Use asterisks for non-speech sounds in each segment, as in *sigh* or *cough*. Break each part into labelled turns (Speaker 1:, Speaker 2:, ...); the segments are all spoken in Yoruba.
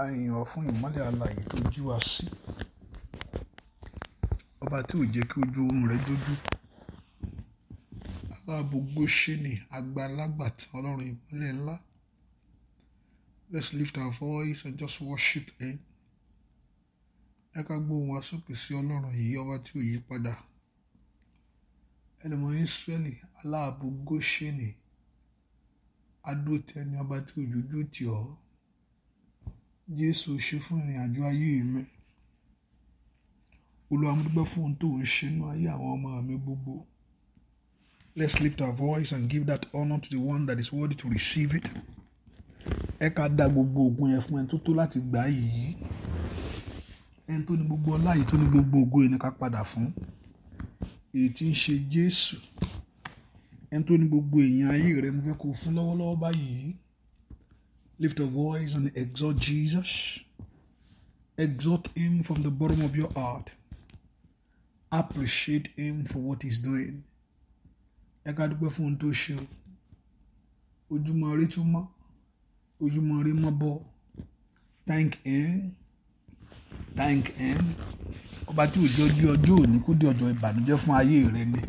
Speaker 1: a yìn ọ́ fún ìmọ́lẹ̀ alààyè tó jí wa sí ọba tí ò jẹ́ kí ojú oorun rẹ̀ dójú alábògbó ni agbálágbàtà ọlọ́run ìmọ́lẹ̀ ńlá let's lift our voice and just worship him ẹ ká gbóhùn wa sókè sí ọlọ́run yìí ọba tí ò yí padà ẹlẹ́mọ̀ Ísírẹ́lì alábògbó ṣe ni adótẹ́ni ọba tí òjòjú tì ọ́. Jésù ṣe fún ìrìnàjò ayé mi Olúwa fún ohun tó ń ṣe nínú ayé àwọn ọmọ mi gbogbo. Let's lift our voice and give that honour to the one that is worthy to receive it. Ẹ ká dá gbogbo ògùn yẹn fún ẹni tó tó láti gbà á yìí. Ẹni tó ní gbogbo ọlá yìí tó ní gbogbo ògo yìí ni ká padà fún. Èyí tí ń ṣe Jésù. Ẹni tó ní gbogbo èèyàn ayé rẹ̀ mo fẹ́ kó fún lọ́wọ́lọ́wọ́ báyìí. Lift a voice and exalt Jesus. Exalt Him from the bottom of your heart. Appreciate Him for what He's doing. Ẹ ká dúpẹ́ fún ohun tó ṣe o. Ojúmọ́ rí tún mọ́. rí mọ́ bọ́. Thank Him. Thank Him. Ọba tí ò jẹ́ ojú ọjọ́ òní kó dé ọjọ́ ìbànújẹ́ fún ayé rẹ ni.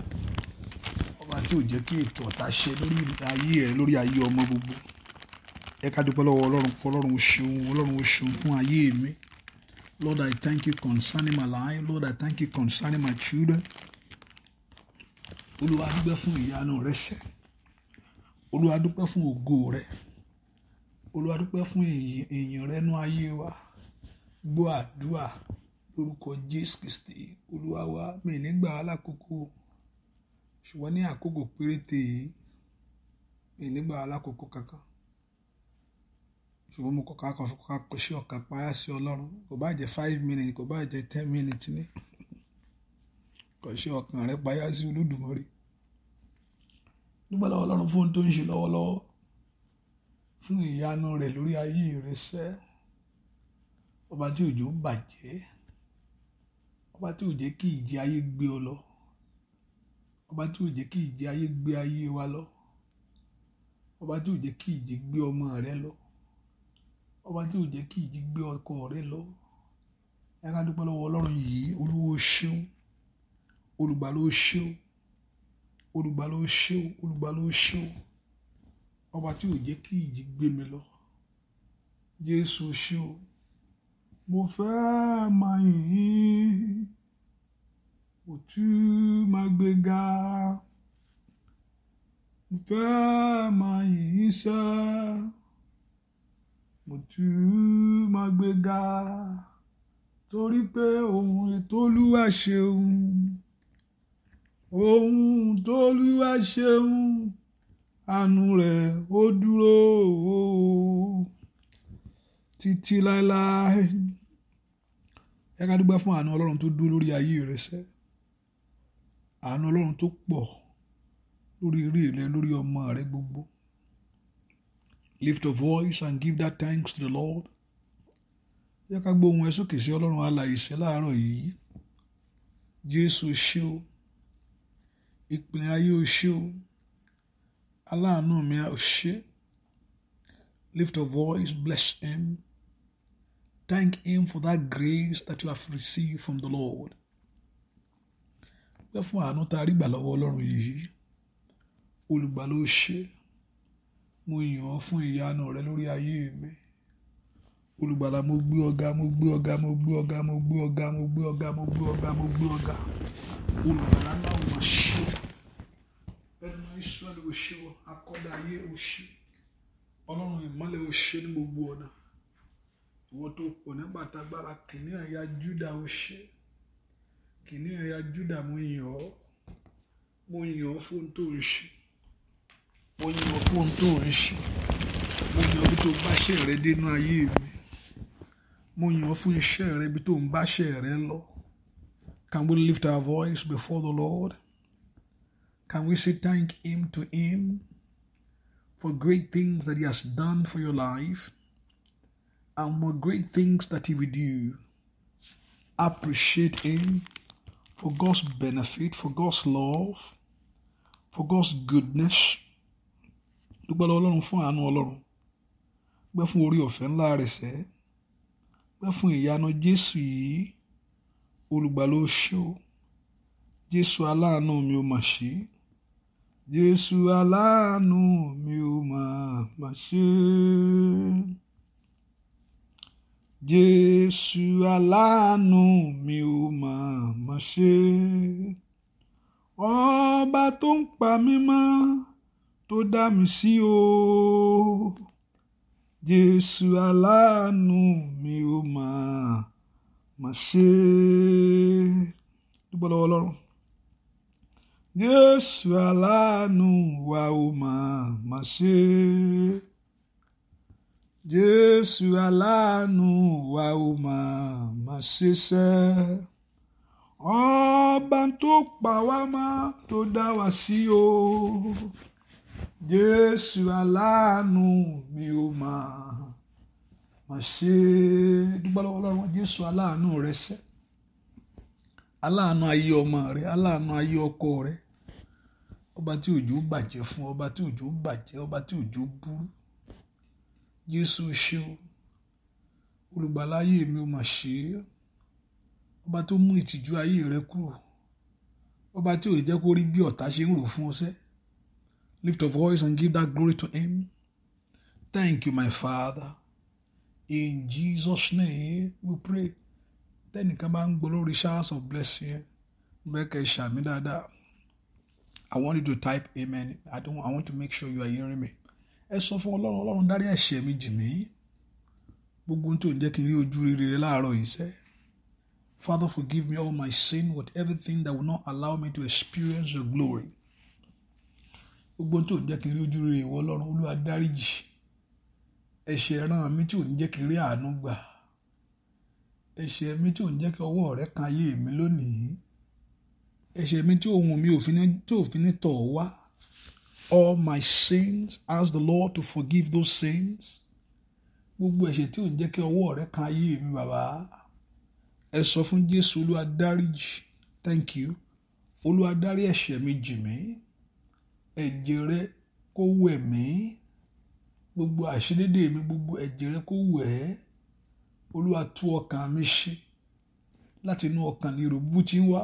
Speaker 1: Ọba tí ò jẹ́ kí ètò ọ̀tá ṣe lórí ayé rẹ lórí ayé ọmọ gbogbo ẹ ká dúpẹ́ lọ́wọ́ ọlọ́run kọ́ ọlọ́run ó ọlọ́run ó fún ayé mi Lord I thank you concerning my life Lord I thank you concerning my children olúwa dúpẹ́ fún ìyanu rẹ ṣẹ olúwa dúpẹ́ fún ògo rẹ olúwa fún èèyàn rẹ nú ayé wa gbọ́ àdúrà lórúkọ Jésù Kristi olúwa wa mi nígbà alákòókò ṣùgbọ́n ní àkókò péréte yìí mi nígbà alákòókò kankan ṣùgbọ́n mo kọ̀ ká kan kọ̀ ká pèsè ọ̀kà payá sí ọlọ́run kò bá jẹ́ five minutes kò bá jẹ́ ten minutes ní kò ṣe ọkàn rẹ payá sí olódùmarè dúpẹ́ lọ́wọ́ ọlọ́run fún ohun tó ń ṣe lọ́wọ́lọ́wọ́ fún ìyanu rẹ̀ lórí ayé rẹ̀ sẹ́ ọba tí òjò ń bàjẹ́ ọba tí ò jẹ́ kí ìjẹ ayé gbé ọ lọ ọba tí ò kí ìjẹ ayé gbé ayé wa lọ ọba tí ò kí ìjẹ gbé ọmọ rẹ lọ ọba tí ò jẹ́ kí ìjì gbé ọkọ rẹ lọ ẹ ká dúpẹ́ lọ́wọ́ ọlọ́run yìí olúwo ṣeun olùgbà ló ṣeun olùgbà ló ṣeun olùgbà ló ṣeun ọba tí ò jẹ́ kí ìjì gbé mi lọ
Speaker 2: jésù ṣeun mo fẹ́ máa yìn mo tún máa gbéga mo fẹ́ máa yìn sẹ́ẹ́ mo tú máa gbéga torí pé ohun tólúwa ṣeun ohun tólúwa ṣeun àánú rẹ̀ ó dúró
Speaker 1: títí láéláé ẹ ká dúpẹ́ fún àánú ọlọ́run tó dúró lórí ayé rẹ sẹ́ àánú ọlọ́run tó pọ̀ lórí eré rẹ lórí ọmọ rẹ gbogbo lift a voice and give that thanks to the Lord. Yẹ ká gbọ́ ohùn ẹ sókè sí Ọlọ́run alààyè ṣe láàárọ̀ yìí. Jésù ṣé o, ìpìlẹ̀ ayé o ṣé o, aláàánú mi o ṣé. Lift a voice, bless him. Thank him for that grace that you have received from the Lord. Pẹ́ fún àánú tá a rí gbà lọ́wọ́ Ọlọ́run yìí. Olùgbàlà mo yìn ọ́ fún ìyanu rẹ lórí ayé mi olùgbàlà mo gbé ọ̀gá mo gbé ọ̀gá mo gbé ọ̀gá mo gbé ọ̀gá mo gbé ọ̀gá mo gbé ọ̀gá mo gbé ọ̀gá olùgbàlà náà wò ṣe ẹnu Israẹli ò ṣe wọ akọ́dà ayé ò ṣe ọlọ́run ìmọ́lẹ̀ ò ṣe ní gbogbo ọ̀nà ìwọ tó pọ̀ nígbà tágbára kìnìún ẹ̀yà Júdà ò ṣe kìnìún ẹ̀yà Júdà mo yìn ọ́ mo yìn ọ́ fún tó ń ṣe. tó tó ayé tó can we lift our voice before the Lord can we say thank him to him for great things that he has done for your life and more great things that he will do appreciate him for God's benefit for God's love for God's goodness dúpẹ́ lọ́wọ́ ọlọ́run fún àánú ọlọ́run dúpẹ́ fún orí ọ̀fẹ́ ńlá rẹ̀ sẹ́ dúpẹ́ fún ìyanu jésù yìí olùgbàlà o ṣé o jésù aláàánú mi ò mà ṣe jésù aláàánú mi ò mà mà ṣe jésù aláàánú mi ò mà mà ṣe ọba tó ń pa mí mọ́ tó dá mi sí o jésù aláàánú mi ó máa mà ṣe dúpẹ́ lọ́wọ́ ọlọ́run jésù aláàánú wa ó máa mà ṣe jésù aláàánú wa ó máa mà ṣe sẹ́ẹ́ ọba tó pa wá mọ́ tó dá wa sí o. Jésù aláàánú mi ò ma mà ṣe dúpẹ́ lọ́wọ́ Jésù aláàánú rẹ̀ sẹ́ aláàánú ayé ọmọ rẹ̀, aláàánú ayé ọkọ rẹ̀ ọba tí òjò bàjẹ́ fún ọba tí òjò bàjẹ́ ọba tí òjò burú Jésù o olùgbàláyé mi ò mà ọba tó mú ìtìjú ayé ọba tí ò bí ọ̀tá ń fún ọ Lift your voice and give that glory to Him. Thank you, my Father. In Jesus' name, we pray. Then bá ń gbólórí showers of blessing. Bẹ́ẹ̀kẹ́ ṣàmì dáadáa. I want you to type amen. I don't. I want to make sure you are hearing me. Ẹ sọ fún Ọlọ́run Ọlọ́run dárí ẹ̀ṣẹ̀ mi jì mí. Gbogbo ohun tó ń jẹ́ kí n rí ojú rere láàárọ̀ yìí sẹ́. Father, forgive me all my sin with everything that will not allow me to experience your glory. gbogbo tó ń jẹ́ kí ojú rere ìwọ ọlọ́run olúwa dáríjì ẹ̀ṣẹ̀ ràn mí tí ò ní jẹ́ kí àánú gbà ẹ̀ṣẹ̀ mi tí ò ní jẹ́ kí ọwọ́ rẹ kan ayé mi lónìí ẹ̀ṣẹ̀ mi tí ohun mi tí òfin ní tọ̀ wá all my sins ask the Lord to forgive those sins gbogbo ẹ̀ṣẹ̀ tí ò ní jẹ́ kí ọwọ́ rẹ kan ayé mi bàbá ẹ sọ fún Jésù olúwa dáríjì thank you olúwa dárí ẹ̀ṣẹ̀ mi jì mí ẹ̀jẹ̀ rẹ kó wẹ̀ mí gbogbo àṣedédé mi gbogbo ẹ̀jẹ̀ rẹ kó wẹ̀ ẹ́ olúwa tú ọkàn mi ṣe láti inú ọkàn ní èrò ti ń wá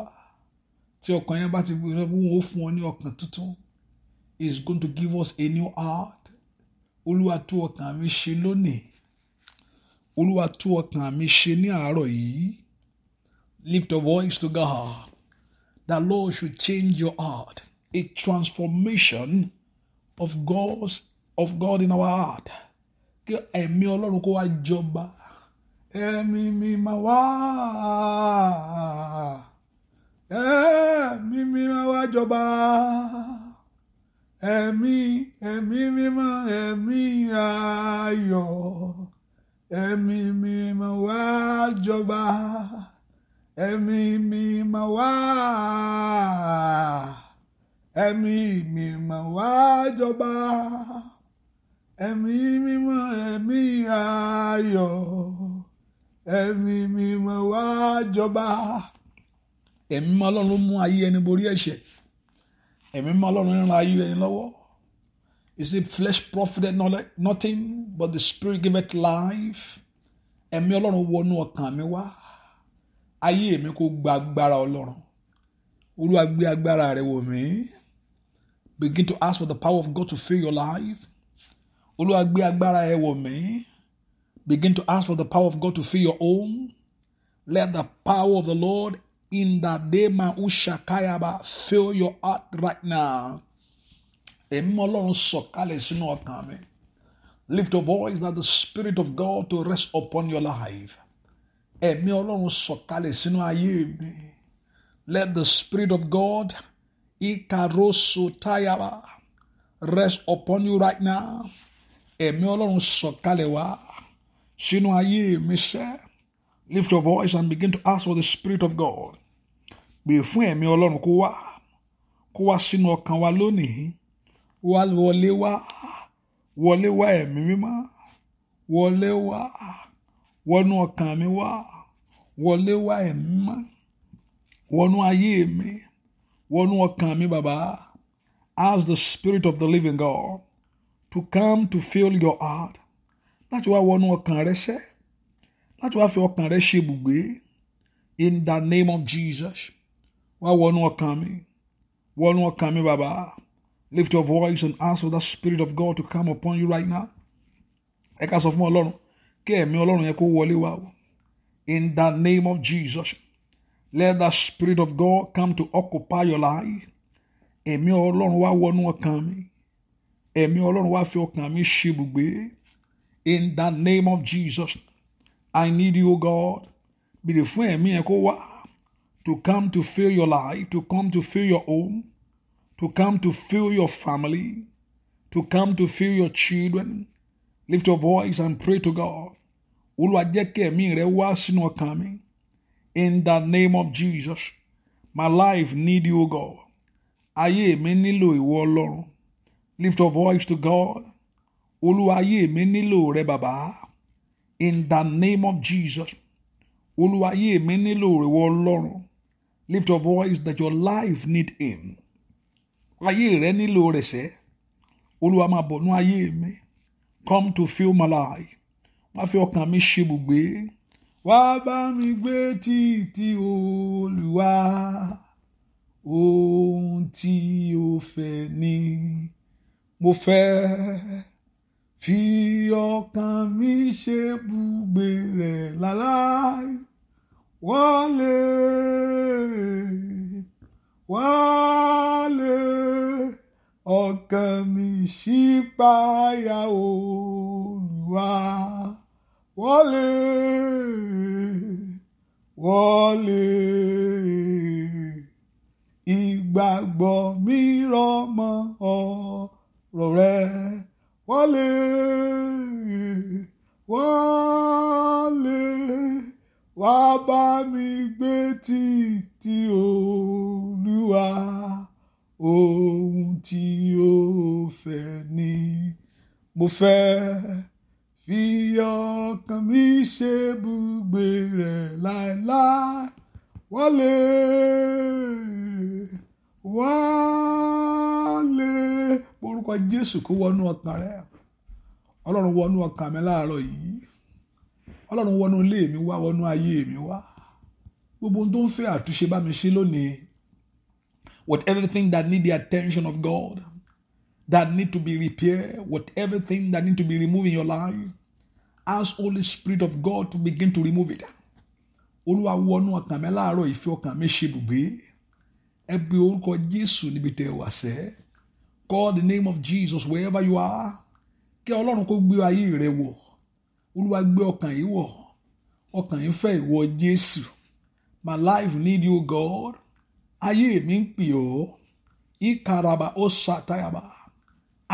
Speaker 1: tí ọkàn yẹn bá ti gbé rẹ wọn ó fún ọ ní ọkàn tuntun he is going to give us a new heart olúwa tú ọkàn mi ṣe lónìí olúwa tú ọkàn mi ṣe ní àárọ̀ yìí lift your voice to God that Lord should change your heart a transformation of God's of God in our heart. Kí ẹ̀mí Ọlọ́run kó wá
Speaker 2: jọba. Ẹ̀mí mi máa wá. Ẹ̀mí mi máa wá jọba. Ẹ̀mí ẹ̀mí mi máa ẹ̀mí ayọ̀. Ẹ̀mí mi máa wá jọba. Ẹ̀mí mi máa wá. ẹ̀mí mímọ́ wá jọba ẹ̀mí mímọ́ ẹ̀mí ayọ̀ ẹ̀mí mímọ́ wá jọba
Speaker 1: ẹ̀mí mímọ́ ọlọ́run ló mú ayé ẹni borí ẹ̀ṣẹ̀ ẹ̀mí mímọ́ ọlọ́run ń ran ayé ẹni lọ́wọ́ is it flesh profited nothing but the spirit giveth life ẹ̀mí ọlọ́run wọnú ọkàn mi wá ayé mi kò gba agbára ọlọ́run olúwa gbé agbára rẹ wọ̀ mí. Begin to ask for the power of God to fill your life. Begin to ask for the power of God to fill your home. Let the power of the Lord in the Dema Ushakayaba fill your heart right now. Ẹ̀mí Ọlọ́run sọ̀kalẹ̀ sínú Lift your voice that the Spirit of God to rest upon your life. Ẹ̀mí Ọlọ́run sọ̀kalẹ̀ sínú Let the Spirit of God ikaroso tayaba rest upon you right now ẹ̀mí ọlọ́run sọ̀kalẹ̀ wá sínú ayé mi sẹ́ lift your voice and begin to ask for the spirit of God pè fún ẹ̀mí ọlọ́run kó wá kó wá sínú ọkàn wa lónìí wá wọlé wá wọlé wá ẹ̀mí mímọ́ wọlé wá wọnú ọkàn mi wá wọlé wá ẹ̀mí mímọ́ wọnú ayé mi. Wa, wọnú ọkàn mi bàbá ask the spirit of the living God to come to fill your heart láti wá wọnú ọkàn rẹ sẹ́ láti wá fi ọkàn rẹ ṣe ibùgbé in the name of Jesus wá wọnú ọkàn mi wọnú ọkàn mi bàbá lift your voice and ask for the spirit of God to come upon you right now ẹ ká sọ fún Ọlọ́run kí ẹ̀mí Ọlọ́run yẹn kó wọlé wá o in the name of Jesus. Let the Spirit of God come to occupy your life. Ẹ̀mí Ọlọ́run wá wọnú ọkàn mi. Ẹ̀mí Ọlọ́run wá fi ọkàn mi ṣebùgbé. In the name of Jesus, I need you, God. the fún ẹ̀mí ẹ̀ kó wá. To come to fill your life, to come to fill your home, to come to fill your family, to come to fill your children. Lift your voice and pray to God. Olúwa jẹ́ ẹ̀mí rẹ̀ wá sínú ọkàn mi. in the name of Jesus. My life need you, God. Ayé mi nílò ìwọ Ọlọ́run. Lift your voice to God. Olúwa ayé mi nílò rẹ bàbá. In the name of Jesus. Olúwa ayé mi nílò ìwọ Ọlọ́run. Lift your voice that your life need him. Ayé rẹ nílò rẹ̀ sẹ́. Olúwa máa bọ̀ nú ayé mi. Come to fill my life. Má fi ọkàn mi ṣe bùgbé wá bá mi gbé títí olúwa ohun tí o fẹ́ ni
Speaker 2: mo fẹ́ fi ọkàn mi ṣe bùgbé rẹ̀ láláì wọlé wọlé ọkàn mi ṣípayà olúwa wọlé wọlé ìgbàgbọ́ mi rọmọ ọ̀rọ̀ rẹ wọlé wọlé wá bá mi gbé títí olúwa ohun tí o fẹ́ ni mo fẹ́. fi ọkàn mi ṣe bùgbé rẹ̀ láéláé wálé wálé
Speaker 1: orúkọ Jésù kó wọnú ọkàn rẹ Ọlọ́run wọnú ọkàn mi láàárọ̀ yìí Ọlọ́run wọnú ilé mi wá wọnú ayé mi wá gbogbo ohun tó ń fẹ́ àtúnṣe bá mi ṣe lónìí with everything that need the attention of God that need to be repaired with everything that need to be removed in your life ask holy spirit of god to begin to remove it olúwa wọnú ọkàn mi láàárọ̀ ìfi ọkàn mi ṣe ibùgbé ẹ pe orúkọ jésù níbi tẹ́ wà sẹ́ call the name of jesus wherever you are kí ọlọ́run kó gbé ayé rẹ wọ̀ olúwa gbé ọkàn yìí wọ̀ ọkàn yìí fẹ́ ìwọ jésù my life need you god ayé mi ń pè ọ́ ìkaraba ó ṣàtàyàbà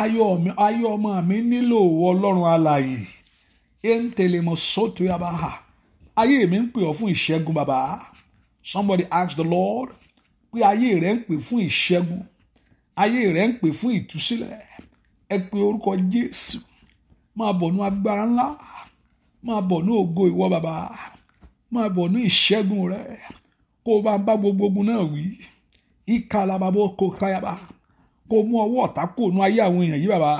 Speaker 1: ayọ̀ ọmọ mi nílò ọlọ́run alààyè entelemo soto yabaha ayé mi ń pè ọ́ fún ìṣẹ́gun bàbá somebody ask the lord pé ayé rẹ̀ ń pè fún ìṣẹ́gun ayé rẹ̀ ń pè fún ìtúsílẹ̀ ẹ pé orúkọ jésù máa bọ̀ ní agbára ńlá máa bọ̀ ní ògo ìwọ bàbá máa bọ̀ ní ìṣẹ́gun rẹ kó o bá ń bá gbogbo ogun náà wí ìka alábàbọ̀ kó káyàbá kó o mú ọwọ́ ọ̀tá kò nu ayé àwọn èèyàn yìí bàbá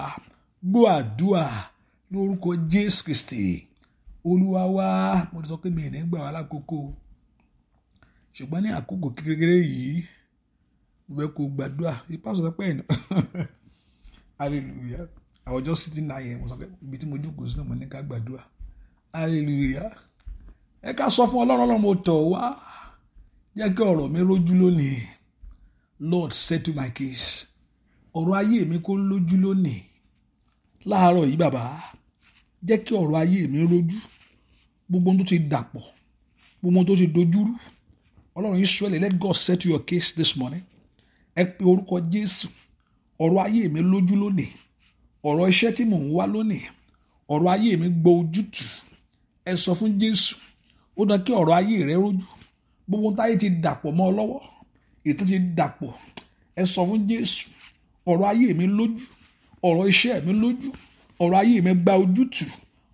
Speaker 1: gbọ́ àdúrà lórúkọ Jésù Kristi olúwa wá mo ti sọ pé mi ì ní gbà wá lákòókò ṣùgbọ́n ní àkókò kékeré yìí mo fẹ́ kó gbàdúrà ipá sọ pé ẹ̀nà *laughs* hallelujah I was just sitting náà yẹn mo sọ pé ibi tí mo jókòó sí náà mo ní ká gbàdúrà hallelujah ẹ ká sọ fún ọlọ́run ọlọ́run mo tọ̀ wá jẹ́ kí ọ̀rọ̀ mi rójú lónìí Lord settle my case ọ̀rọ̀ ayé mi kó lójú lónìí láàárọ̀ yìí bàbá jẹ́ kí ọ̀rọ̀ ayé mi rojú gbogbo ohun tó ti dàpọ̀ gbogbo ohun tó ti dojúrú ọlọ́run Israẹli let God set your case this morning ẹ pe orúkọ Jésù ọ̀rọ̀ ayé mi lójú lónìí ọ̀rọ̀ iṣẹ́ tí mò ń wá lónìí ọ̀rọ̀ ayé mi gbọ́ ojútùú ẹ sọ fún Jésù ó dán kí ọ̀rọ̀ ayé rẹ rojú gbogbo táyé ti dàpọ̀ mọ́ ọ lọ́wọ́ ètò ti dàpọ̀ ẹ sọ fún Jésù ọ̀rọ̀ ayé mi lójú ọ̀rọ̀ iṣẹ́ mi lójú ọ̀rọ̀ ayé mi gba ojútùú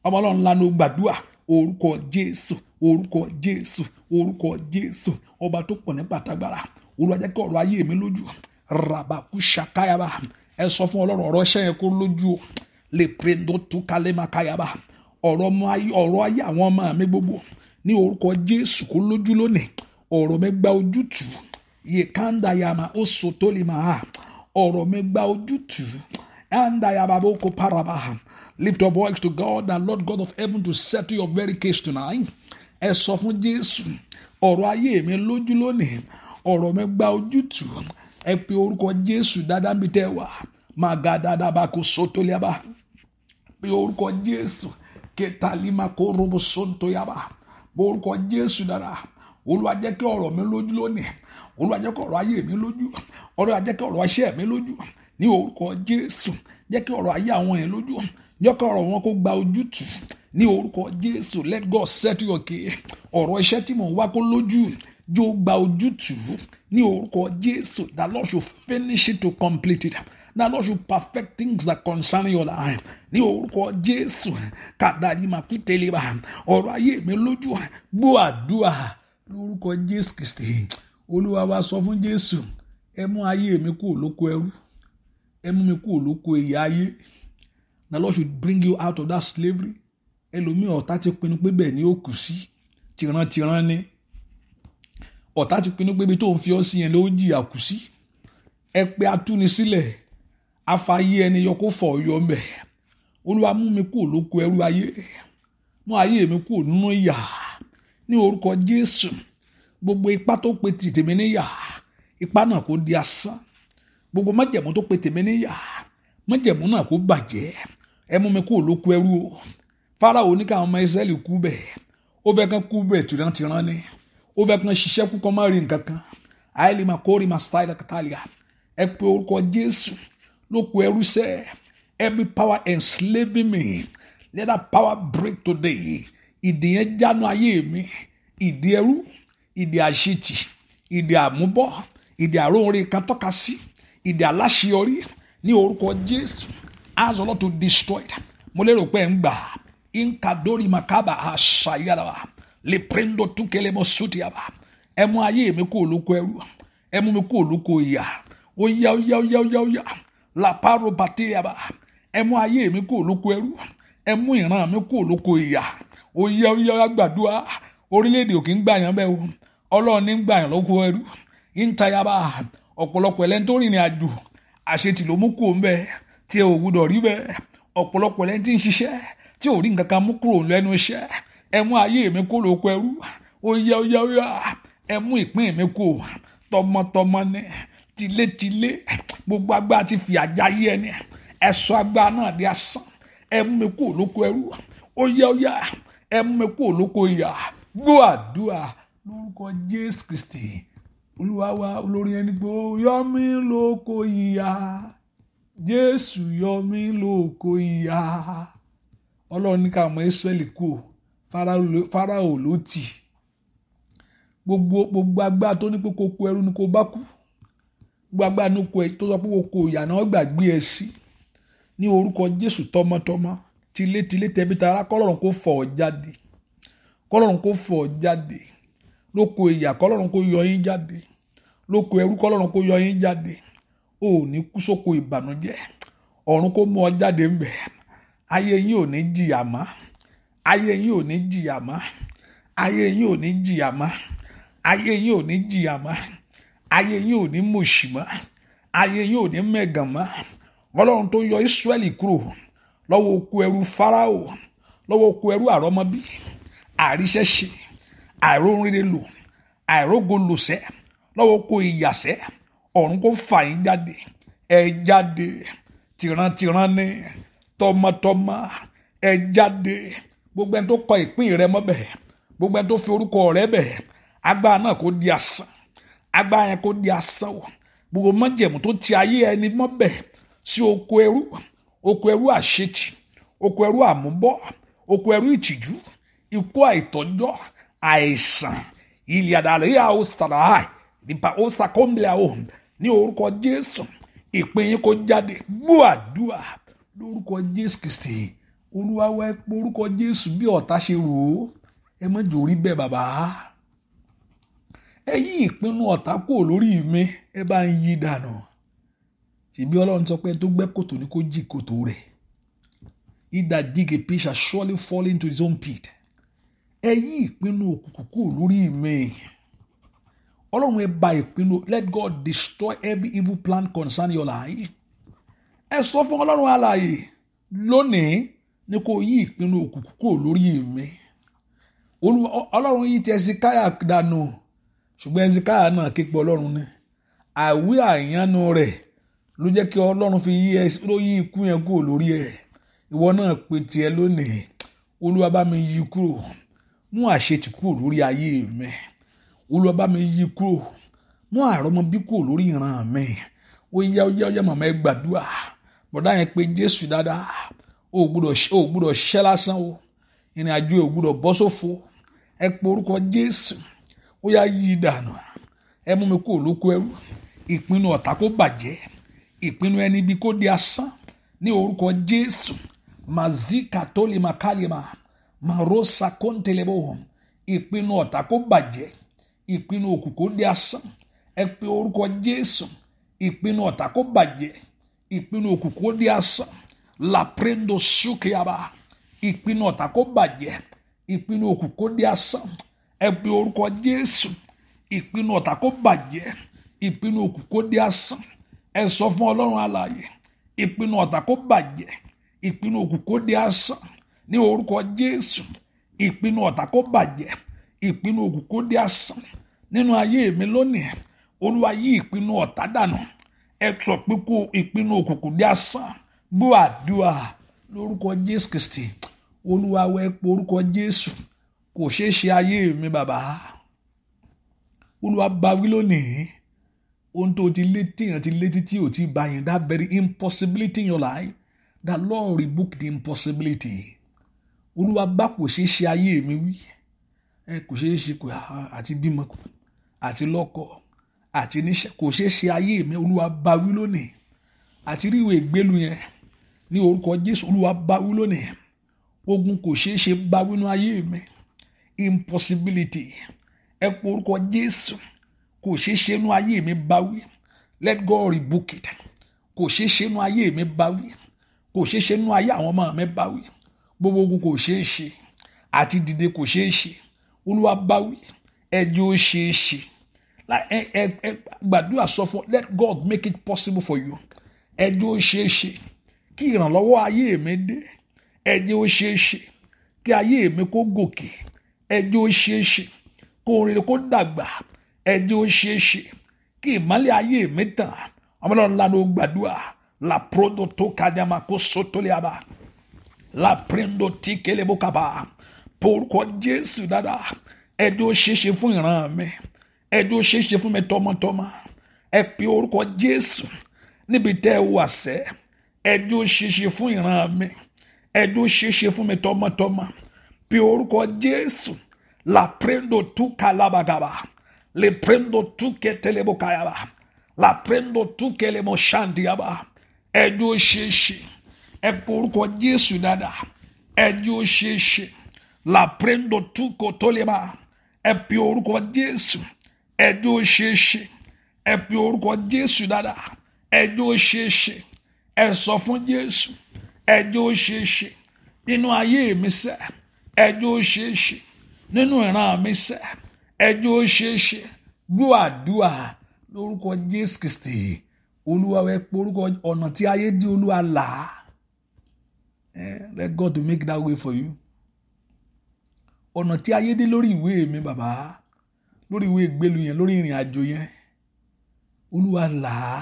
Speaker 1: ọmọ ọlọ́run lanu gbàdúrà orúkọ jésù orúkọ jésù orúkọ jésù ọba tó pọ̀ ní pàtàgbára olúwa jẹ́ ayé mi lójú rabaku ṣàkáyàbá ẹ sọ fún ọlọ́run ọ̀rọ̀ iṣẹ́ kó lójú o lè prendo tú kálẹ̀ má káyàbá ọ̀rọ̀ ayé àwọn ọmọ mi gbogbo ní orúkọ jésù kó lójú lónìí ọ̀rọ̀ mi gba ojútùú yìí kanda yàmà ó so tó lè máa ọ̀rọ̀ mi gba ojútùú And I Ayababoko Parabaha. Lift your voice to God, the Lord God of heaven, to settle your very case tonight. Ẹ sọ fún Jésù, ọ̀rọ̀ ayé mi lójú lónìí, ọ̀rọ̀ mi gba ojútùú. Ẹ pe orúkọ Jésù dáadáa bí tẹ́ wà. Máa ga dáadáa bá kó sótó lẹ́bàá. Pe orúkọ Jésù, kẹtàlímà kó robo sóńtó yàbá. Pe orúkọ Jésù dára. Olúwa jẹ́ kí ọ̀rọ̀ mi lójú lónìí. Olúwa jẹ́ kí ọ̀rọ̀ ayé mi lójú. Olúwa jẹ́ ọ̀rọ̀ iṣẹ́ mi lójú ní orúkọ jésù jẹ́ kí ọ̀rọ̀ ayé àwọn yẹn lójú jẹ́ kí ọ̀rọ̀ wọn kó gba ojútùú ní orúkọ jésù let God set your case ọ̀rọ̀ iṣẹ́ tí mò ń wá kó lójú jó gba ojútùú ní orúkọ jésù that Lord should finish it to complete it that Lord should perfect things that concern your life ní orúkọ jésù kàdáyé máa kú tẹ́lẹ̀ bá ọ̀rọ̀ ayé mi lójú gbọ́ àdúrà lórúkọ jésù kristi olúwa wa sọ fún jésù ẹ mú ayé mi kúrò lóko ẹrú. ẹmúmi kúrò lóko èyí ayé na Lord should bring you out of that slavery ẹlòmíì ọ̀tá ti pinnu pé bẹ́ẹ̀ ni ó kù sí tìrantìran ni ọ̀tá ti pinnu pé ibi tó ń fi ọ́ sí yẹn ló jìyà kù sí ẹ pé atúnisílẹ̀ afáyé ẹni yọ kó fọ̀ yọ mẹ́ olúwa mú mi kúrò lóko ẹrú ayé mú ayé mi kúrò nínú ìyà ní orúkọ Jésù gbogbo ipá tó pe tìtèmí níyà ipá náà kò di asán gbogbo májẹ̀mú tó pe tèmi níyà májẹ̀mú náà kó bàjẹ́ ẹ mú mi kú òlóko ẹrú o Fáráò ní káwọn ọmọ Ísírẹ́lì kú bẹ́ẹ̀ ó fẹ́ kán kú bẹ́ẹ̀ tìrantìran ni ó fẹ́ kán ṣiṣẹ́ kú kán má rí nǹkan kan àìlè máa kórè máa sáyẹ̀lẹ̀ kàtàlíà ẹ pe orúkọ Jésù lóko ẹrú sẹ́ every power enslaving me let that power break today ìdè yẹn jánu ayé mi ìdè ẹrú ìdè àṣetì ìdè àmúbọ ìdè àróhùn rẹ̀ kan tọ́ka sí. Si ìdè aláṣeyọrí ní orúkọ Jésù ask the to destroy it mo lérò pé ń gbà nkadori makaba àṣàyàrá lè tukele túkẹ́lẹ́ mọ́ sódìyàrá ẹ mú ayé mi kó olóko ẹrú ẹ mú mi kó olóko ìyà ó yá ó yá ó yá ó yá ó yá làpárò bàtẹ́yàrá ẹ mú ayé mi kó olóko ẹrú ẹ ìran mi kó olóko ìyà ó yá ó yá ó yá gbàdúrà orílẹ̀-èdè òkè ń gbà yàn bẹ́ẹ̀ o ọlọ́run ń gbà yàn lóko ẹrú ń tayaba ọ̀pọ̀lọpọ̀ ẹlẹ́ni tó rìnrìn àjò àṣetì ló mú kú òun bẹ́ẹ̀ tí ẹ ò gbúdọ̀ rí bẹ́ẹ̀ ọ̀pọ̀lọpọ̀ ẹlẹ́ni tí ń ṣiṣẹ́ tí ò rí nǹkan kan mú kúrò lẹ́nu iṣẹ́ ẹ mú ayé mi kó lóko ẹrú ó yá ó ẹ mú ìpín mi kó tọmọtọmọ ni tilétilé gbogbo agbára ti fi àjà yé ẹni ẹ̀sọ́ agbára náà di asán ẹ mú mi kó lóko ẹrú ó yá ó yá ẹ mú mi kó lóko ìyà gbọ́ àdúrà lórúkọ Jésù Kristi olúwa wa olórin ẹni gbó yọ mí lóko ìyà jésù yọ lóko ìyà ọlọ́run ní ká ọmọ israẹli kú fáráò ló tì gbogbo gbogbo agbára tó ní pé kó ẹrú ni kó bá kú gbogbo agbára ní kó ẹ tó sọ pé kó ìyànà gbàgbé ẹ sí ní orúkọ jésù tọmọtọmọ tilétilé tẹbi tara kọlọ́run kó fọ̀ ọ́ jáde kọlọ́run kó fọ̀ ọ́ jáde lóko ìyà kọlọ́run kó yọ yín jáde lóko ẹrú kọ́lọ́run kó yọ yín jáde ò ní kú sóko ìbànújẹ́ ọ̀run kó mú ọ jáde ń bẹ̀ ayé yín ò ní jìyà mọ́ ayé yín ò ní jìyà mọ́ ayé yín ò ní jìyà mọ́ ayé yín ò ní jìyà mọ́ ayé yín ò ní mòṣì mọ́ ayé yín ò ní mẹ̀gàn mọ́ ọlọ́run tó yọ Ísírẹ́lì kúrò lọ́wọ́ oko ẹrú Fáráò lọ́wọ́ oko ẹrú àrọ́mọbí àríṣẹ́ṣe àìróhun lò àìrógo lòṣẹ́ lọ́wọ́ kó ìyàsẹ́ ọ̀run kó fà yín jáde ẹ jáde tìrantìran ni tọmọtọmọ ẹ jáde gbogbo ẹni tó kọ ìpín rẹ mọ́bẹ̀ gbogbo ẹni tó fi orúkọ rẹ bẹ̀ agbára náà kó di asán agbára yẹn di o gbogbo tó ti ayé ẹni mọ́bẹ̀ sí oko ẹrú oko ẹrú àṣetì oko ẹrú oko ẹrú ìtìjú ikú àìtọ́jọ́ àìsàn ilẹ̀ àdàlẹ́ ìbáwò sàkóńbìlà òun ní orúkọ jésù ìpín yín kó jáde gbúàdúà lórúkọ jésù kristi olúwa wá pé orúkọ jésù bí ọ̀tá ṣe rò ó ẹ má jò rí bẹ́ẹ̀ bàbá ẹ yí ìpinnu ọ̀tá kúrò lórí mi ẹ bá ń yí dànù ṣèbí ọlọ́run sọ pé tó gbẹ́ kòtò ni kó jì kòtò rẹ̀ he dig a pit shall surely fall into his own pit ẹ yí ìpinnu òkùnkùn kúrò lórí mi ọlọ́run ẹ ba ìpinnu let God destroy every evil plan concerning your life ẹ sọ fún ọlọ́run alààyè lónìí ni kò yí ìpinnu òkùnkùn kúrò lórí mi ọlọ́run yìí ti ẹ̀sìkáyà dànù ṣùgbọ́n ẹ̀sìkáyà náà ké pe ọlọ́run ni àwí àyànnu rẹ̀ ló jẹ́ kí ọlọ́run fi yí ikú yẹn kúrò lórí ẹ̀ ìwọ náà pe tiẹ̀ lónìí olúwa bá mi yí kúrò mú àṣetì kúrò lórí ayé mi olúwa bá mi yí kúrò mú àrọ́mọ bí kúrò lórí ìran mi ó yá ó yá ó yá màmá ẹ gbàdúrà bọ̀dá yẹn pé jésù dáadáa ó gbúdọ̀ ṣẹ́ lásán o ìrìn àjò ò gbúdọ̀ bọ́ sófo ẹ pé orúkọ jésù ó yá yí dànù ẹ mú mi kúrò lóko ẹrú ìpinnu ọ̀tá kó bàjẹ́ ìpinnu ẹni bí kó di asán ní orúkọ jésù mazika tó lè máa kálí ma màró sakóńtẹlẹbọ ìpinnu ọ̀tá kó bàjẹ́ ìpinnu òkùnkùn di asán ẹ pe orúkọ Jésù ìpinnu ọ̀tá kó bàjẹ́ ìpinnu òkùnkùn di asán laprendo sukiaba ìpinnu ọ̀tá kó bàjẹ́ ìpinnu òkùnkùn di asán ẹ pe orúkọ Jésù ìpinnu ọ̀tá kó bàjẹ́ ìpinnu òkùnkùn di asán ẹ sọ fún Ọlọ́run alààyè ìpinnu ọ̀tá kó bàjẹ́ ìpinnu òkùnkùn di asán ní orúkọ Jésù ìpinnu ọ̀tá kó bàjẹ́ ìpinnu òkùnkùn di asán nínú ayé mi lónìí olúwa yí ìpinnu ọ̀tá dànù ẹ tọ̀ pípò ìpinnu òkùnkùn dé asán gbọ́ àdúrà lórúkọ jésù kristi olúwa wẹ pé orúkọ jésù kò ṣeé ṣe ayé mi bàbá olúwa bá wí lónìí ohun tó ti létí èèyàn ti létí tí ò ti bá yẹn that very impossibility in your life that Lord rebuke the impossibility olúwa bá kò ṣeé ṣe ayé mi wí ẹ kò ṣeé ṣe àti bímọ kù àti lọ́kọ àti níṣẹ́ kò ṣeé ṣe ayé mi olúwa bá wí lónìí àti rí ìwé ìgbélu yẹn ní orúkọ jésù olúwa bá wí lónìí ogun kò ṣeé ṣe bá wínú ayé mi impossibility ẹ pọ orúkọ jésù kò ṣeé ṣe inú ayé mi bá wí let God rebuke it kò ṣeé ṣe inú ayé mi bá wí kò ṣeé ṣe inú ayé àwọn ọmọ mi bá wí gbogbo ogun kò ṣeé ṣe àti dìde kò ṣeé ṣe olúwa bá wí ẹjẹ ó ṣe é ṣe gbàdúrà sọ fún let God make it possible for you ẹjẹ ó ṣe é ṣe kí ìrànlọ́wọ́ ayé mi dé ẹjẹ ó ṣe é ṣe kí ayé mi kó gòkè ẹjẹ ó kó rere kó dàgbà ẹjẹ ó kí ìmọ́lẹ̀ ayé mi tàn ọmọlọ́run lánàá ó gbàdúrà la prodo tó kájà máa kó sótó lé abá la prendo tí kélébó kaba porúkọ Jésù dáadáa ẹdí ó ṣeéṣe fún ìran mi ẹdí ó ṣeéṣe fún mi tọmọtọmọ ẹ pe orúkọ Jésù níbi tẹ́ ẹ wà sẹ́ ẹdí ó ṣeéṣe fún ìran mi ẹdí ó ṣeéṣe fún mi tọmọtọmọ pe orúkọ Jésù la prendo tu kalabagaba le prendo tu ketelebokayaba la prendo tu kelemoshandiaba ẹdí ó ṣeéṣe ẹ pe orúkọ Jésù dáadáa ẹdí ó ṣeéṣe la prendo tu kotoleba ẹ pe orúkọ jésù ẹjọ́ ó ṣeé ṣe ẹ pe orúkọ jésù dáadáa ẹjọ́ ó ṣeé ṣe ẹ sọ fún jésù ẹjọ́ ó ṣeé ṣe nínú ayé mi sẹ́ ẹjọ́ ó ṣeé ṣe nínú ìran mi sẹ́ ẹjọ́ ó ṣeé ṣe gbọ́ àdúrà lórúkọ jésù kristi olúwa wẹ pé orúkọ ọ̀nà tí ayé di olúwa là á eh, let God to make that way for you ọ̀nà tí ayé dé lórí ìwé mi bàbá lórí ìwé ìgbélu yẹn lórí ìrìn àjò yẹn olúwa là á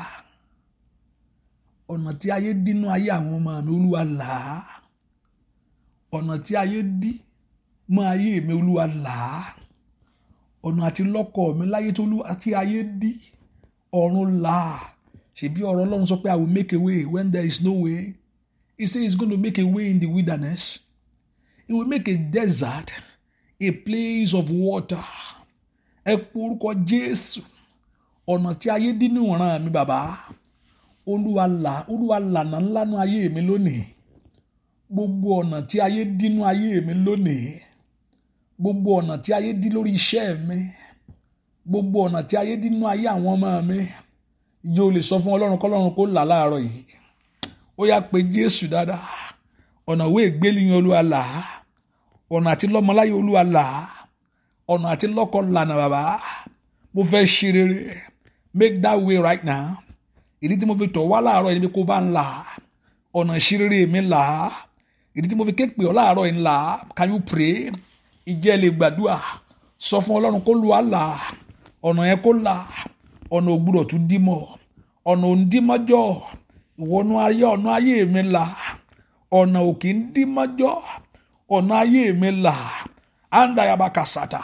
Speaker 1: ọ̀nà tí ayé dínú ayé àwọn ọmọ mi olúwa là á ọ̀nà tí ayé dí mọ́ ayé mi olúwa là á ọ̀nà àti lọ́kọ̀ mi láyé tó olúwa tí ayé dí ọ̀run là á ṣèbí ọ̀rọ̀ ọlọ́run sọ pé I will make a way when there is no way he say he is going to make a way in the wilderness he will make a desert a place of water ẹ pé orúkọ Jésù ọ̀nà tí ayé dín ní ìwọ̀n mi bàbá olúwa là olúwa lànà ńlá nú ayé mi lónìí gbogbo ọ̀nà tí ayé dín nú ayé mi lónìí gbogbo ọ̀nà tí ayé dín lórí iṣẹ́ mi gbogbo ọ̀nà tí ayé dín nú ayé àwọn ọmọ mi yóò lè sọ fún ọlọ́run kọ́lọ́run kó là láàárọ̀ yìí ó yá pé Jésù dáadáa ọ̀nà òwe ìgbélé yín olúwa ọ̀nà àti lọ́mọláyé olúwa là ọ̀nà àti lọ́kọ lànà bàbá mo fẹ́ ṣe rere make that way right now ìdí tí mo fi tọ̀ wá láàárọ̀ yìí ni kó bá ń là ọ̀nà ìṣerere mi là ìdí tí mo fi képe ọ láàárọ̀ yìí là can you pray ìjẹ́ lè gbàdúrà sọ fún ọlọ́run kó lu àlà ọ̀nà yẹn kó là ọ̀nà ògbúdọ̀ tún dímọ̀ ọ̀nà òǹdímọ́jọ́ ìwọ́nú ayé ọ̀nà ayé mi là ọ̀nà òkè ń dímọ́jọ́ ọ̀nà ayé mi là áńdàyàbá kàṣàtà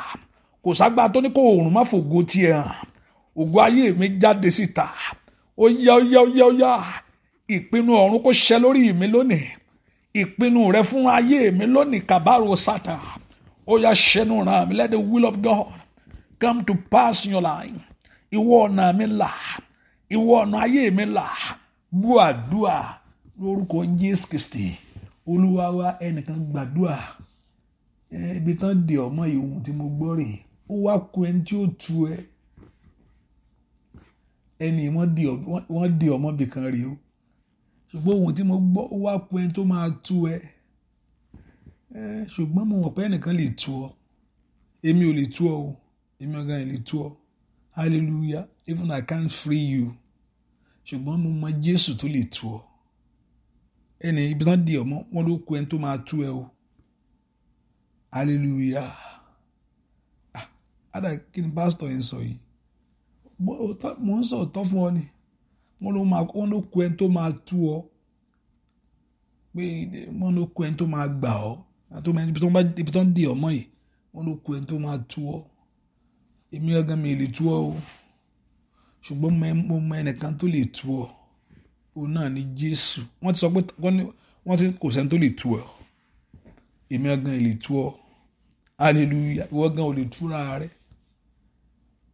Speaker 1: kò ságbá tó ní kó oòrùn má fògo tiẹ̀ hàn ògo ayé mi jáde síta ó yá ó yá ó yá ó yá ìpinnu ọ̀run kó ṣẹ lórí mi lónìí ìpinnu rẹ fún ayé mi lónìí kàbárò sátà ó yá ṣẹnu ràn mí let the will of God come to pass in your life ìwọ ọ̀nà mi là ìwọ ọ̀nà ayé mi là bú àdúà lórúkọ Jésù Kristi olúwa wa ẹnìkan gbàdúrà ibi tán dè ọmọ ìhun tí mo gbọ́ rè ó wá ku ẹni tí ó tu ẹ ẹni wọ́n dè ọmọ bìkan rè o ṣùgbọ́n ohun tí mo gbọ́ ó wá ku ẹni tó máa tu ẹ ṣùgbọ́n mo mọ̀ pé ẹnìkan lè tu ọ èmi ò lè tu ọ o èmi ọ̀gá yẹn lè tu ọ hallelujah even I can't free you ṣùgbọ́n mo mọ̀ Jésù tó lè tu ọ ẹnì ibi tán di ọmọ wọn ló kú ẹni tó máa tú ẹ o hallelujah ah, ada kí ni pásítọ̀ yẹn sọ yìí mo ń sọ ọ̀tọ̀ fún ọ ni wọn ló máa wọn ló kú ẹni tó máa tú ọ pé wọn ló kú ẹni tó máa gbà ọ àti ọmọ ibi tán di ọmọ yìí wọn ló kú ẹni tó máa tú ọ mi lè tú ọ o mo mọ ẹnìkan tó lè tú ọ òun náà ni jésù wọ́n ti sọ pé wọ́n ti kò sẹ́ni tó lè tu ọ́ èmi gan lè tu ọ́ hallelujah ìwọ gan ò lè túra rẹ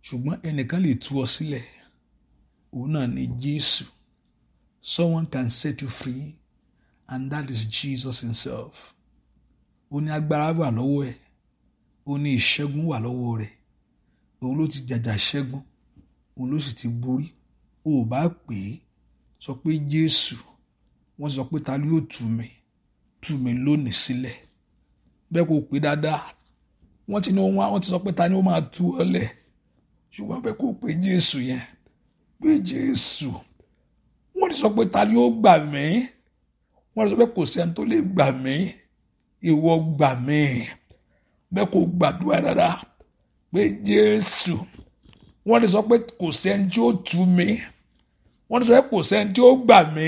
Speaker 1: ṣùgbọ́n ẹnìkan lè tu ọ sílẹ̀ òun náà ni jésù someone can set you free and that is jesus himself ó ní agbára wà lọ́wọ́ ẹ̀ ó ní ìṣẹ́gun wà lọ́wọ́ rẹ̀ òun ló ti jàjà ṣẹ́gun òun ló sì ti borí ó bá pè é sọ pé Jésù wọ́n sọ pé ta ni yóò tú mi tú mi lónìí sílẹ̀ bẹ́ẹ̀ kò pé dáadáa wọ́n ti ní wọ́n wọ́n ti sọ pé ta ni ó máa tú ọ lẹ̀ ṣùgbọ́n bẹ́ẹ̀ kò pé Jésù yẹn pé Jésù wọ́n ti sọ pé ta ni ó gbà mí wọ́n ti sọ pé kò sẹ́ni tó lè gbà mí ìwọ gbà mí bẹ́ẹ̀ kò gbàdúrà dáadáa pé Jésù wọ́n ti sọ pé kò sẹ́ni tí ó tú mi wọ́n sọ kò sẹ́ni tí ó gbà mí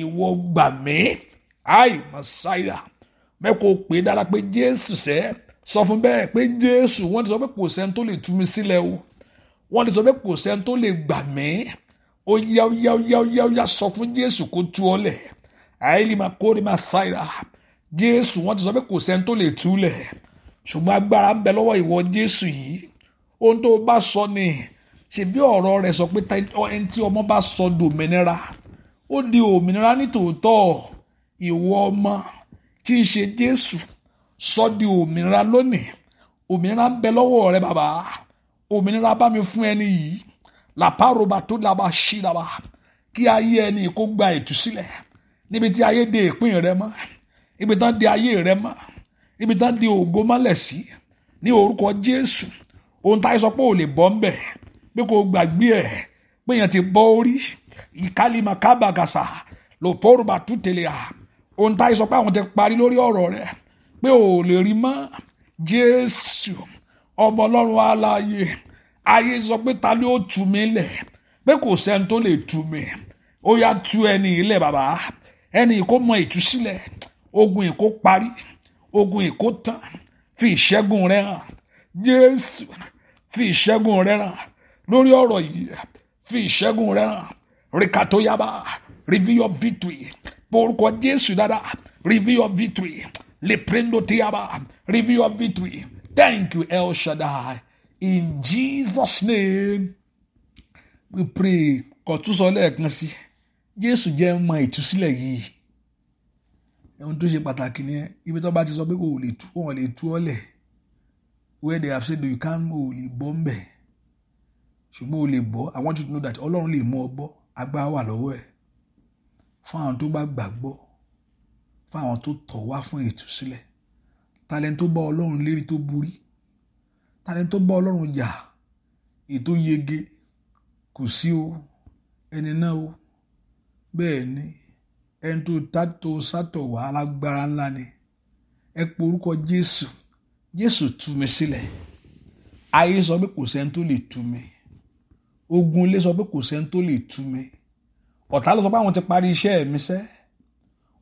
Speaker 1: ìwọ gbà mí àì mọ̀sáyà mẹ́kọ̀ọ́ pé dára pé jésù sẹ́ sọ fún bẹ́ẹ̀ pé jésù wọ́n ti sọ pé kò sẹ́ni tó lè tú mi sílẹ̀ o wọ́n ti sọ pé kò sẹ́ni tó lè gbà mí ó yá ó yá ó yá ó yá ó yá sọ fún jésù kó tú ọ lẹ̀ àìlì máa kórè máa sáyà jésù wọ́n ti sọ pé kò sẹ́ni tó lè tú lẹ̀ ṣùgbọ́n agbára ń bẹ lọ́wọ́ ìwọ ṣebí ọ̀rọ̀ rẹ̀ sọ pé ẹni tí ọmọ bá sọ dòmìnira ó di òmìnira nítòótọ́ ìwọ ọmọ tí ń ṣe Jésù sọ di òmìnira lónìí òmìnira ń bẹ lọ́wọ́ rẹ bàbá òmìnira bá mi fún ẹni yìí làpárọ̀bà tó laba ṣí laba kí ayé ẹni kó gba ìtúsílẹ̀ níbi tí ayé de ìpín rẹ mọ́ ibi tán di ayé rẹ mọ́ ibi tán di ògo mọ́lẹ̀ sí ní orúkọ Jésù ohun tá sọ pé ò lè bọ́ ń bẹ̀ pé kò gbàgbé ẹ̀ pé yẹn ti bọ́ orí ìkálímà kábàgàsà lòpórùbà tútẹ̀lẹ̀ à ohun táyé sọ pé àwọn ti parí lórí ọ̀rọ̀ rẹ̀ pé ò lè rí mọ́ jésù ọmọ ọlọ́run aláàyè ayé sọ pé ta ni ó tú mi lẹ̀ pé kò sẹ́ni tó lè tú mi ó yá tú ẹni ilẹ̀ bàbá ẹni ìkó mọ ìtúsílẹ̀ ogun ìkó parí ogun ìkó tán fi ìṣẹ́gun rẹ̀ hàn jésù fi ìṣẹ́gun rẹ̀ hàn lórí ọ̀rọ̀ yìí fi ìṣẹ́gun rẹ hàn rikatoyaba reveal your victory borúkọ Jésù dáadáa review your victory leprendo tiaba review your victory thank you El Shaddai in Jesus name we pray kò tún sọ lẹ́ẹ̀kan sí Jésù jẹ́ mọ ìtúsílẹ̀ yìí ohun tó ṣe pàtàkì nìyẹn ibi tó bá ti sọ pé kò lè tú wọn lè tú ọ lẹ̀ where they have said you can't ò lè bọ́ ń ṣùgbọ́n o lè bọ́ I want you to know that ọlọ́run lè mú ọ bọ́ agbára wà lọ́wọ́ ẹ̀ fún àwọn tó bá gbàgbọ́ fún àwọn tó tọ̀ wá fún ìtúsílẹ̀ talent tó bá ọlọ́run lérí tó borí talent tó bá ọlọ́run jà ètò yege kò sí o ẹni náà o bẹ́ẹ̀ ni ẹni tó tàtó sátọ̀ wá alágbára ńlá ni ẹ pe Jésù Jésù tú mi sílẹ̀ ayé sọ pé kò sẹ́ni tó lè tú mi ogun ilé sọ pé kò sẹ́ni tó lè tú mi ọ̀tá ló sọ pé àwọn ti parí iṣẹ́ mi sẹ́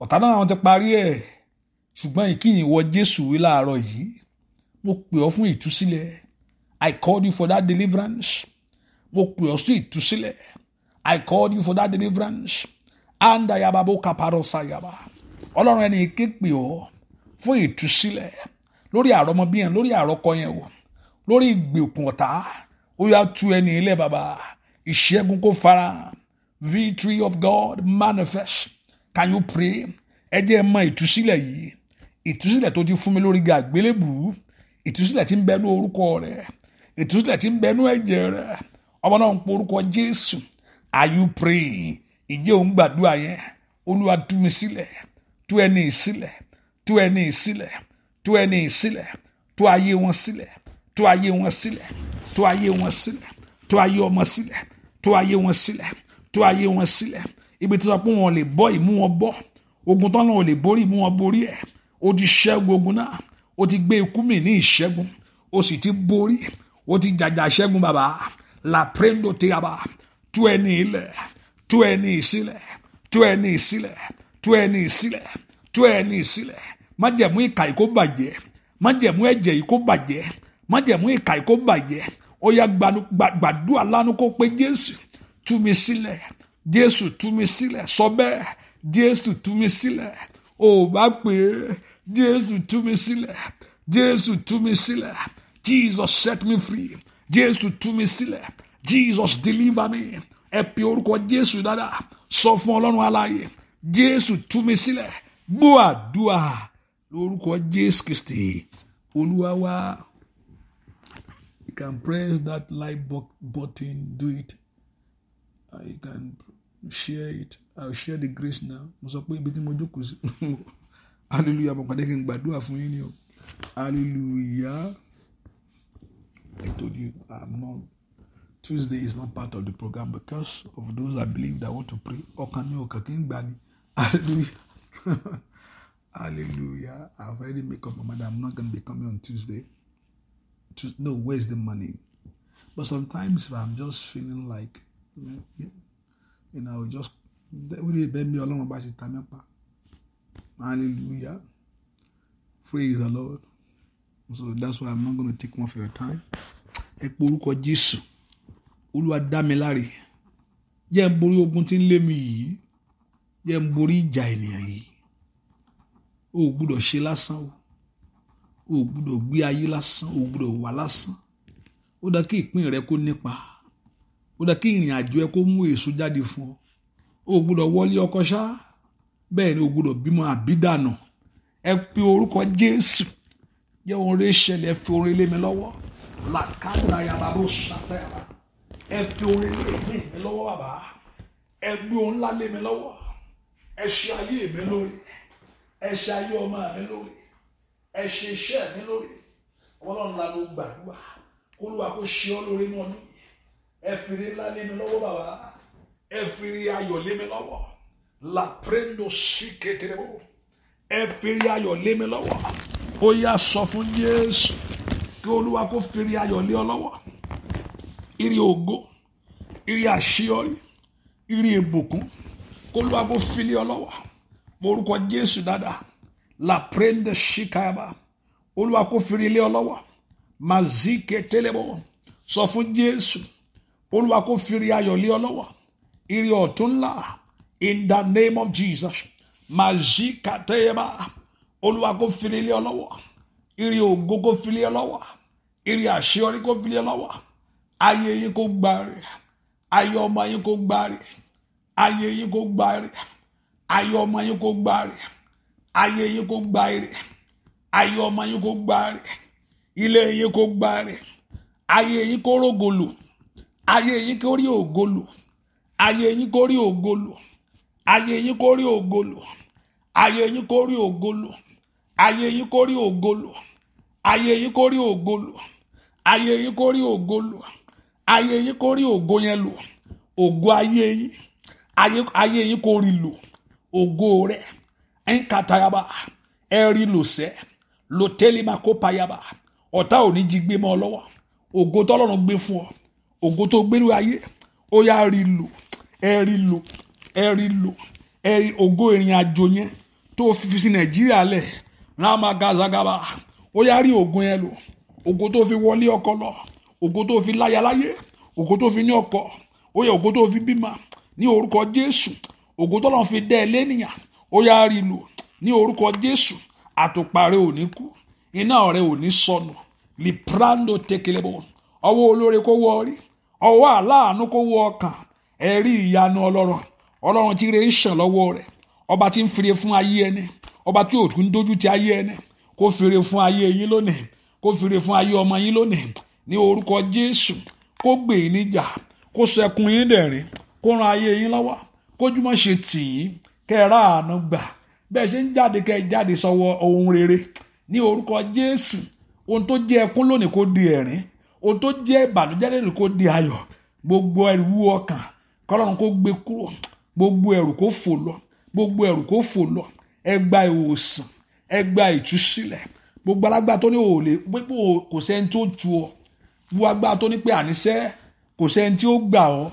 Speaker 1: ọ̀tá náà àwọn ti parí ẹ̀ ṣùgbọ́n ìkíyìn wọ Jésù wí láàárọ̀ yìí mo pè ọ́ fún ìtúsílẹ̀ I called you for that deliverance mo pè ọ́ sí ìtúsílẹ̀ I called you for that deliverance anda yaba bó kaparọ́ sayaba ọlọ́run ẹni ké pè ọ́ fún ìtúsílẹ̀ lórí àrọ́mọbí yẹn lórí àrọ́kọ yẹn o lórí ìgbèkùn ọ̀tá ó yá tú ẹni ilẹ̀ bàbá ìṣẹ́gun kó fara victory of God manifest can you pray ẹ jẹ́ ẹ mọ ìtúsílẹ̀ yìí ìtúsílẹ̀ tó ti fún mi lórí àgbélébùú ìtúsílẹ̀ tí ń bẹ ní orúkọ rẹ̀ ìtúsílẹ̀ tí ń bẹ ní ẹ̀jẹ̀ rẹ̀ ọmọ náà ń pọ orúkọ Jésù are you praying ìjẹ́ òun gbàdúrà yẹn olúwa tú mi sílẹ̀ tú ẹni sílẹ̀ tú ẹni sílẹ̀ tú ẹni sílẹ̀ tú ayé wọn sílẹ̀ tú ayé wọn sílẹ̀ tó ayé wọn sílẹ̀ tó ayé ọmọ sílẹ̀ tó ayé wọn sílẹ̀ tó ayé wọn sílẹ̀ ibi tó sọ pé wọn lè bọ́ ìmú wọn bọ́ ogun tán náà lè borí ìmú wọn borí ẹ̀ ó ti ṣẹ́gun ogun náà ó ti gbé ikú mi ní ìṣẹ́gun ó sì ti borí ó ti jàjà ṣẹ́gun bàbá la prendo te yaba tú ẹni ilẹ̀ tú ẹni ìsílẹ̀ tú ẹni ìsílẹ̀ tú ẹni ìsílẹ̀ tú ẹni ìsílẹ̀ májẹ̀mú ìkà yìí kó bàjẹ́ májẹ̀mú ẹ̀jẹ̀ yìí kó bàjẹ́ májẹ̀mú ìkà yìí bàjẹ́ ó yá gbàdúrà lánàá kó pé jésù tú mi sílẹ̀ jésù tú mi sílẹ̀ sọ bẹ́ẹ̀ jésù tú mi sílẹ̀ ò bá pè é jésù tú mi sílẹ̀ jésù tú mi sílẹ̀ jesus set me free jésù tú mi sílẹ̀ jesus deliver me ẹ pe orúkọ jésù dada sọ fún ọlọ́run aláàyè jésù tú mi sílẹ̀ gbọ́ àdúrà lórúkọ jésù kristi olúwa wa can press that like button, do it. Uh, you can share it. I'll share the grace now. Mo sọ pé ibi tí mo jókòó sí. *laughs* Hallelujah, mo pàdé kí n gbàdúrà fún yín ni o. Hallelujah. I told you I'm not. Tuesday is not part of the program because of those I believe that want to pray. Ọkàn mi ò kàn kí n gbà ni. *laughs* Hallelujah. *laughs* Hallelujah. I've already made up my mind. I'm not going to be coming on Tuesday. to know where's the money. But sometimes if I'm just feeling like, you know, just along hallelujah. Praise the Lord. So that's why I'm not going to take more of your time. Ẹ pe orúkọ Jésù, Olúwa dá mi jẹ́ n borí ogun tí ń lé mi yìí, jẹ́ je O ò gbúdọ̀ ṣe lásán o shila se o ò gbúdọ̀ gbé ayé lásán o ò gbúdọ̀ wà lásán ó dá kí ìpín rẹ kó nípa ó dá kí ìrìn àjò ẹ kó mú èso jáde fún ọ o gbúdọ̀ wọlé ọkọ ṣá bẹ́ẹ̀ ni o ò gbúdọ̀ bímọ àbídànà ẹ pe orúkọ Jésù jẹ́ ohun rẹ̀ ṣẹlẹ̀ ẹ fi orin lé mi lọ́wọ́ làkàtà yàrá bó ṣàtà yàrá ẹ fi orin lé mi lọ́wọ́ bàbá ẹ gbé ohun ńlá lé mi lọ́wọ́ ẹ ṣe ayé mi lórí ẹ ṣe ayé ọmọ mi lórí ẹ ṣe iṣẹ́ mi lórí ọlọ́run la ló gbàdúrà olúwa kó ṣe ọ́ lórí mọ́ mi ẹ fìrí ńlá lé mi lọ́wọ́ bàbá ẹ fìrí ayọ̀ lé mi lọ́wọ́ la prendo sí kékeré o ẹ fìrí ayọ̀ lé mi lọ́wọ́ ó yá sọ fún Jésù kí olúwa kó fìrí ayọ̀ lé ọ lọ́wọ́ ìrì ògo ìrì àṣeyọrí ìrì ìbùkún kó olúwa kó fi ọ lọ́wọ́ mo orúkọ Jésù dáadáa laprende shikaba olúwa kò fi ilé ọlọ́wọ́ mazike tẹlẹbọ sọ fún jésù olúwa kò fi ayọ̀ lé ọlọ́wọ́ ire ọ̀tún ńlá in the name of jesus mazika tẹyẹba olúwa kò fi ilé ọlọ́wọ́ ire ògo kò fi ilé ọlọ́wọ́ ire àṣeyọrí kò fi ilé ọlọ́wọ́ ayé yín kò gbà rè ayé ọmọ yín kò gbà rè ayé yín kò gbà rè ayé ọmọ yín kò gbà rè ayé yín kó gba ire ayé ọmọ yín kó gba ire ilé yín kó gba ire ayé yín kó rógolò ayé yín kó rí ògolò ayé yín kó rí ògolò ayé yín kó rí ògolò ayé yín kó rí ògolò ayé yín kó rí ògolò ayé yín kó rí ògolò ayé yín kó rí ògolò ayé yín kó rí ògo yẹn lò ògo ayé yín ayé yín kó rí lò ògo rẹ̀ nkatayaba ẹ̀rí lòsẹ́ lòtẹ́lẹ́màkó payaba ọ̀tá òní jí gbé mọ́ ọ lọ́wọ́ ògo tọ́lọ́run gbé fún ọ ògo tó gbérú ayé ó yá rí lò ẹ̀rí lò ẹ̀rí lò ẹ̀rí ògo ìrìn àjò yẹn tó fi sí nàìjíríà lẹ̀ rámagazagaba ó yá rí ògo yẹn lò ògo tó fi wọlé ọkọ lọ ògo tó fi láya láyé ògo tó fi ní ọkọ ó yẹ ògo tó fi bímọ ní orúkọ jésù ògo tọ́lọ́run fi dẹ́ ẹ lẹ́nìyàn ó yá rí lò ní orúkọ jésù àtùpà rẹ ò ní kú iná rẹ ò sọnù liprando tekelebo ọwọ́ olóore kó wọ orí ọwọ́ aláàánú kó wọ ọkàn ẹ̀rí ìyanu ọlọ́run ọlọ́run tí rẹ̀ ń ṣàn lọ́wọ́ rẹ̀ ọba tí ń fèrè fún ayé ẹni ọba tí òtún ń ti ayé ẹni kó fèrè fún ayé yín lónìí kó fèrè fún ayé ọmọ yín lónìí ní orúkọ jésù kó gbè yín níjà kó sọ ẹkún yín dẹ̀rín kó ran ayé yín lọ́wọ́ kójúmọ́ ṣe tì yín kẹ́ẹ̀ráàánú gbà bẹ́ẹ̀ ṣe ń jáde kẹ́ẹ̀ jáde sọ́wọ́ ohun rere ní orúkọ Jésù ohun tó jẹ́ ẹkún lónìí kò di ẹ̀rín ohun tó jẹ́ ìbànújẹ́ lónìí kò di ayọ̀ gbogbo ẹrù ọkàn kọ́lọ́run kò gbé kúrò gbogbo ẹrù kò fò lọ gbogbo ẹrù kò fò lọ ẹ gba ìwòsàn ẹ ìtúsílẹ̀ gbogbo alágbá tó ní òòlè pípò kò sẹ́ni tó tu ọ gbogbo agbá tó ní pé àníṣe kò sẹ́ni tí ó gbà ọ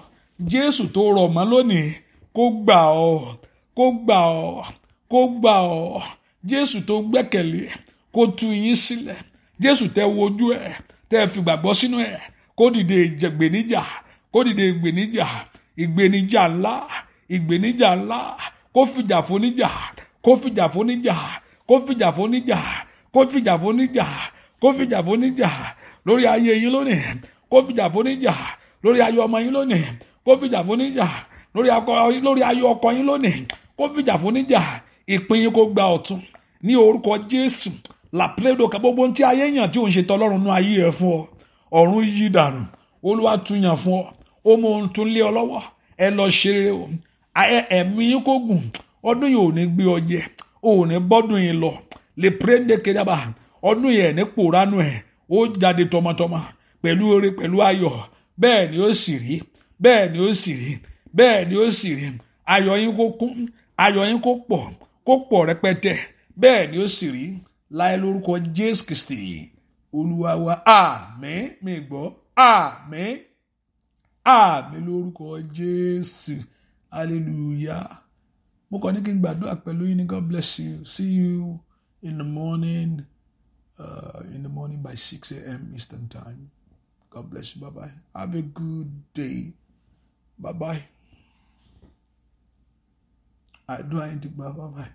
Speaker 1: Jésù tó rọ̀ mọ́ lónìí kò gbà ọ kó gbà ọ́ kó gbà ọ́ jésù tó gbẹ́kẹ̀lé kó tú yín sílẹ̀ jésù tẹ wojú ẹ̀ tẹ fi gbàgbọ́ sínú ẹ̀ kó dìde ìgbèníjà kó dìde ìgbèníjà ìgbèníjà ńlá ìgbèníjà ńlá kó fìjà foníjà kó fìjà foníjà kó fìjà foníjà kó fìjà foníjà kó fìjà foníjà lórí ayé yín lónìí kó fìjà foníjà lórí ayé ọmọ yín lónìí kó fìjà foníjà lórí ayé ọkọ yín lónìí kó fìjà fún níjà ìpín yín kó gba ọ̀tún ní orúkọ jésù làpẹ́dò ká gbogbo ohun tí ayé yàn tí òun ṣe tọlọ́run nú ayé ẹ̀ fún ọ ọ̀run yí dànù olúwa tún yàn fún ọ ó mú ohun tún lé ọ lọ́wọ́ ẹ lọ ṣe rere o ẹ̀mí yín kó gùn ọdún yìí ò ní gbé ọ jẹ ò ní bọ́dún yìí lọ lè pèrèndé kejìlá ọdún yìí ẹ̀ ní pòránù ẹ̀ ó jáde tọmọtọmọ pẹ̀lú oore pẹ̀lú ayọ̀ bẹ́ẹ̀ ni ó sì rí bẹ́ẹ̀ ni ó sì rí bẹ́ẹ̀ ni ó sì rí ayọ̀ yín kó kún ayọ̀ yín kó pọ̀ kó pọ̀ rẹpẹtẹ bẹ́ẹ̀ ni ó sì rí láì lórúkọ Jésù Kristi olúwa wa àmín mi gbọ́ àmín àmín lórúkọ Jésù hallelujah mo kàn ní kí n gbàdúrà pẹ̀lú yín ní God bless you see you in the morning uh, in the morning by six a.m. Eastern time God bless you bye bye have a good day bye bye àdúrà yín ti gbà bàbá yìí.